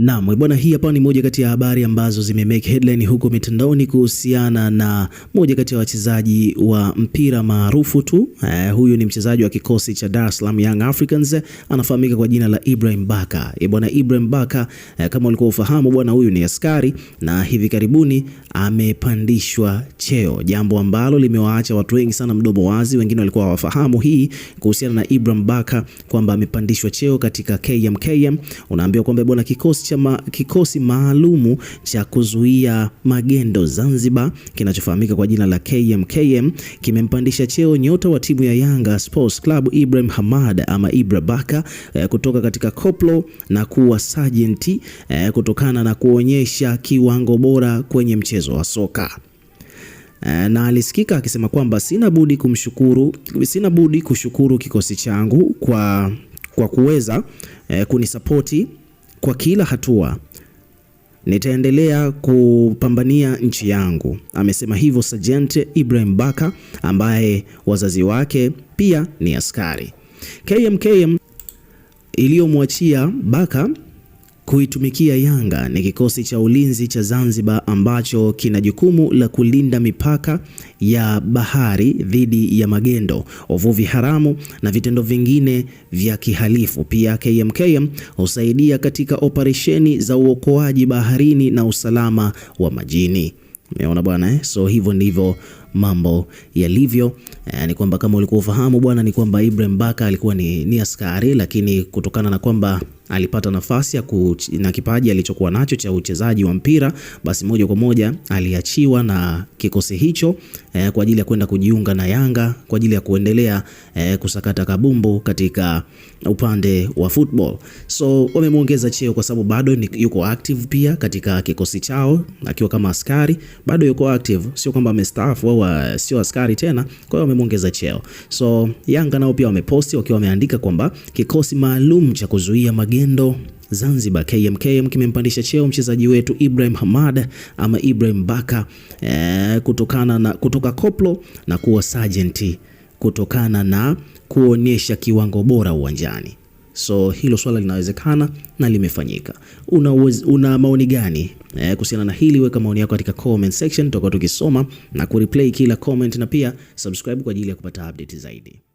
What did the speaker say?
Naam, bwana, hii hapa ni moja kati ya habari ambazo zimemake headline huko mitandaoni kuhusiana na moja kati ya wachezaji wa mpira maarufu tu. Eh, huyu ni mchezaji wa kikosi cha Dar es Salaam Young Africans, anafahamika kwa jina la Ibrahim Baka. Eh, bwana, Ibrahim Baka eh, kama ulikuwa ufahamu bwana, huyu ni askari na hivi karibuni amepandishwa cheo, jambo ambalo limewaacha watu wengi sana mdomo wazi. Wengine walikuwa hawafahamu hii kuhusiana na Ibrahim Baka kwamba amepandishwa cheo katika KMKM. Unaambiwa kwamba bwana kikosi cha ma, kikosi maalumu cha kuzuia magendo Zanzibar kinachofahamika kwa jina la KMKM kimempandisha cheo nyota wa timu ya Yanga Sports Club Ibrahim Hamad ama Ibra Baka eh, kutoka katika koplo na kuwa sergeant eh, kutokana na kuonyesha kiwango bora kwenye mchezo wa soka eh, na alisikika akisema kwamba sina budi kumshukuru, sina budi kushukuru kikosi changu kwa, kwa kuweza eh, kunisapoti kwa kila hatua nitaendelea kupambania nchi yangu. Amesema hivyo Sergeant Ibrahim Baka ambaye wazazi wake pia ni askari. KMKM iliyomwachia Baka kuitumikia Yanga ni kikosi cha ulinzi cha Zanzibar ambacho kina jukumu la kulinda mipaka ya bahari dhidi ya magendo, uvuvi haramu na vitendo vingine vya kihalifu. Pia KMKM husaidia katika operesheni za uokoaji baharini na usalama wa majini. Umeona bwana eh? So hivyo ndivyo mambo yalivyo. Eh, ni kwamba kama ulikuwa ufahamu bwana, ni kwamba Ibrahim Baka alikuwa ni, ni askari, lakini kutokana na kwamba alipata nafasi ya na kipaji alichokuwa nacho cha uchezaji wa mpira, basi moja kwa moja aliachiwa na kikosi hicho eh, kwa ajili ya kwenda kujiunga na Yanga kwa ajili ya kuendelea eh, kusakata kabumbu katika upande wa football. So wamemwongeza cheo kwa sababu bado ni yuko active pia katika kikosi chao, akiwa kama askari bado yuko active, sio kwamba amestaafu au sio askari tena. Kwa hiyo wamemwongeza cheo. So Yanga nao pia wameposti wakiwa wameandika kwamba kikosi maalum cha kuzuia magi magendo Zanzibar. KMKM kimempandisha cheo mchezaji wetu Ibrahim Hamad ama Ibrahim Baka eh, kutokana na, kutoka koplo na kuwa sergeant kutokana na kuonyesha kiwango bora uwanjani. So hilo swala linawezekana na limefanyika. Una, una maoni gani eh, kuhusiana na hili? Weka maoni yako katika comment section, tutakuwa tukisoma na kureplay kila comment, na pia subscribe kwa ajili ya kupata update zaidi.